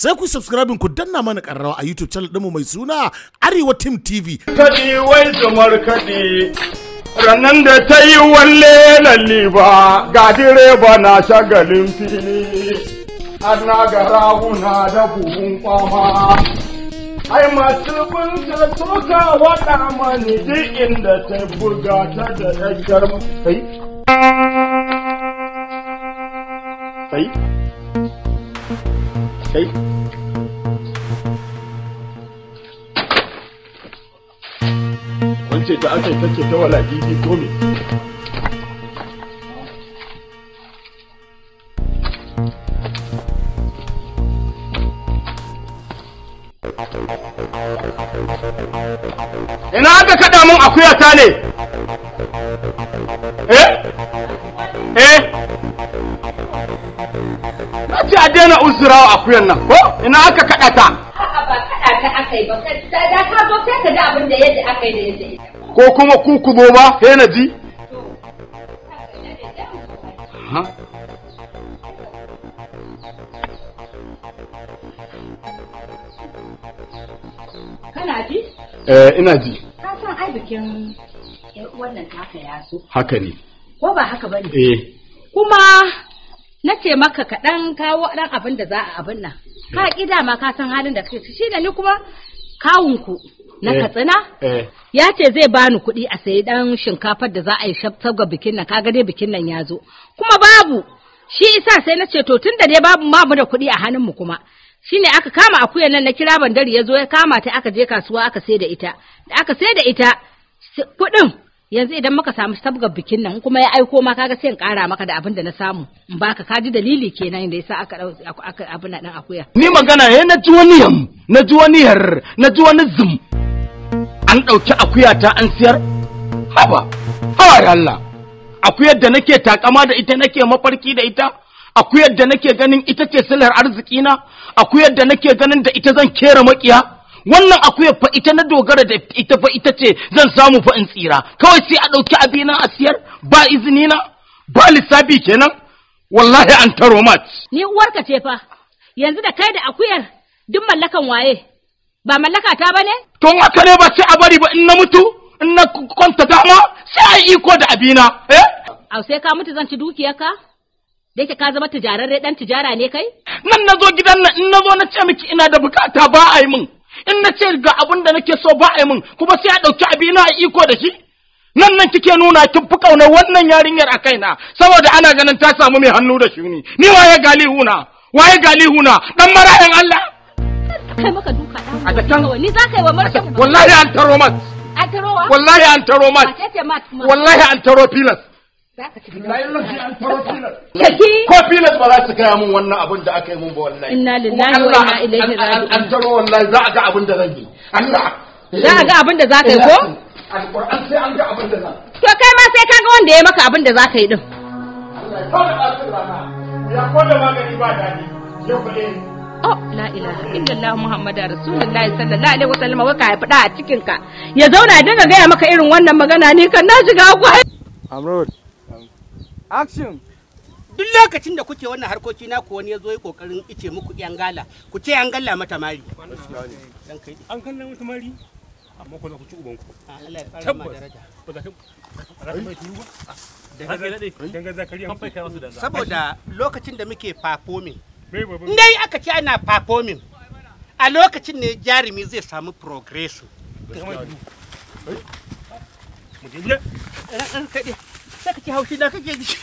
sai ku subscribe ku danna mana karrawa a YouTube channel ɗinmu mai suna Arewa Team TV. Kaɗi wai jamar kaɗi ranar da ta yi walle lalli ba ga direba na shagalin fili har na ga rahuna da buhun kwama. Ai masu ta suka waɗa mani duk inda ta buga ta da ɗaggiyar kai. Kai? Okay. wance ta aka kake ta wala ko me ina aka kada mun akuya ta ne eh eh Na ce a daina uzura unsurawa akuyan nan ko ina aka kaɗa ta. A'a ba kaɗa ta aka yi ba da ka zo sai ka ga abin da yadda aka yi da yadda ita. Ko kuma ku ku zo ba sai na ji. Kana ji? Eh ina ji. Ka san ai bikin wannan taka ya so. Haka ne. Ko ba haka ba ne? Eh. Kuma na ce maka kaɗan kawo ɗan abin da za a abin nan eh. ka ƙi dama ka san halin da kake shi da ni kuma kawunku na eh. katsina eh. ya ce zai bani kuɗi a sayi ɗan shinkafar da za a yi sabga bikin nan ka dai bikin nan ya zo kuma babu shi isa sai na ce to tun da dai babu babu da kuɗi a hannun mu kuma Shi ne aka kama akuya nan na kira bandari ya zo ya kama ta aka je kasuwa aka sai da ita da aka sai da ita kuɗin yanzu idan muka samu sabgar bikin nan kuma ya aiko ma kaga sai in kara maka da abin da na samu in baka ka ji dalili kenan da yasa aka aka abin nan akuya ni magana eh na ji wani yam na ji wani yar na ji wani zum an dauki akuya ta an siyar haba haba ya Allah akuyar da nake takama da ita nake mafarki da ita akuyar da nake ganin ita ce silar arziki na akuyar da nake ganin da ita zan kera makiya wannan akuyar fa ita na dogara da ita fa ita ce zan samu fa in tsira kawai sai a ɗauki abina a siyar ba izini na ba lissafi kenan wallahi an taro mat ni uwarka ce fa yanzu da kai da akuyar duk mallakan waye ba mallaka ta bane to haka ne ba sai a bari ba in na mutu in na kwanta dama sai a iko da abina eh au sai ka mutu zan ci dukiyarka da yake ka zama tijararre dan tijara ne kai? Nan nazo gidan nan in na zo na ce miki ina da bukata ba a yi min. in na ce ga abin da nake so ba a yi min kuma sai a ɗauki abi na iko da shi nan nan kike nuna kin fi ƙauna wannan yarinyar a kaina saboda ana ganin ta samu mai hannu da shuni ni waye galihuna waye galihuna dan marayan Allah kai maka duka a ni za ka yi wa wallahi an taro mat an taro wallahi an taro mat wallahi an taro Ka ko filas ba za su kaya mun wannan abin da aka yi mun ba wallahi inna lillahi wa inna ilaihi raji'un an taro wallahi za a ga abin da zan yi Allah za a ga abin da za ka yi ko eh, Alƙur'an sai an ga abin da zan to kai ma sai ka ga wanda ya maka abin da za ka yi din ya koda magani ba dadi yau ka Oh, la ilaha illallah Muhammadu Rasulullah sallallahu alaihi wasallam wai ka haifi faɗa a cikin ka. Ya zauna ya dinga gaya maka irin wannan magana ne kan na shiga akwai. Amrod, action duk lokacin da kuke wannan harkoki na ku wani ya zo yi kokarin ice muku yan gala ku ce yan galla mata mari an kalla mata mari amma ku za ku ci uban ku ah, tabbas ba za ah, ka saboda lokacin da muke performing dai aka ce ana performing a lokacin ne jarumi zai samu progresu Haki haushi na kake ji.